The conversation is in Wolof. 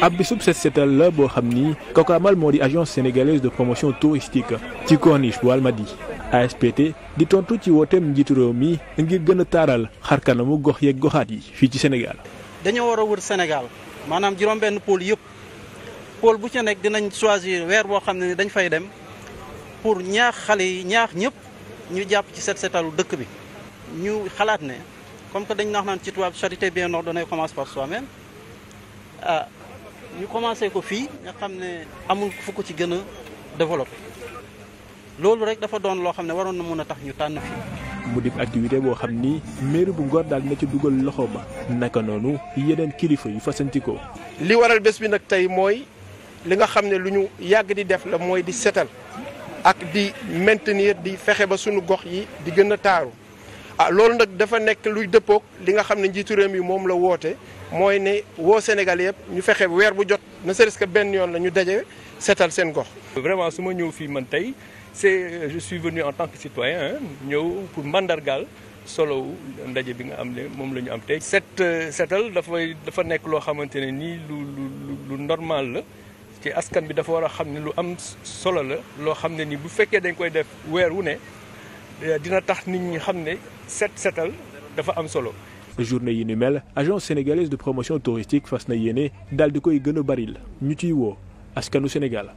ab bisub set setal la boo xam ni ka ko amal moo di agence sénégalaise de promotion touristique ci corniche bu Almadies ASPT di tontu ci wooteem njiitu réew mi ngir gën a taaral xar kanamu gox yeeg goxaat yi fii ci Sénégal. dañoo war a wër Sénégal maanaam juróom-benn pôle yëpp pôle bu ci nekk dinañ choisir weer boo xam ne dañ fay dem pour ñaax xale yi ñaax ñëpp ñu jàpp ci set setalu dëkk bi ñu xalaat ne comme que dañ naax naan ci tubaab charité bien ordonnée commence par soi ñu commencé ko fii nga xam ne amul fu ko ci gën a développé loolu rek dafa doon loo xam ne waroon na mën a tax ñu tànn fii. mu di activité boo xam ni mairie bu Ngor daal na ci dugal loxo ba naka noonu yeneen kilifa yu fasantikoo li waral bés bi nag tey mooy li nga xam ne lu ñu yàgg di def la mooy di setal ak di maintenir di fexe ba sunu gox yi di gën a taaru. ah loolu nag dafa nekk luy dëppoog li nga xam ne njiitu réew mi moom la woote mooy ne woo Sénégal yëpp ñu fexe weer bu jot ne serait-ce que benn yoon la ñu daje seetal seen gox. vraiment su ma ñëw fii man tey c'est je suis venu en tant que citoyen ñëw pour mandargaal solo ndaje bi nga am ne moom la ñu am tey. Euh, set setal dafay dafa nekk loo xamante ne nii lu lu lu normal la ci askan bi dafa war a xam ne lu am solo la loo xam ne nii bu fekkee dañ koy def weer wu ne. Euh, dina tax nit ñi xam ne set setal dafa am solo. journée yi ni mel agence sénégalaise de promotion touristique fas na yéene daal di koy gën a baril ñu ciy woo askanu Sénégal.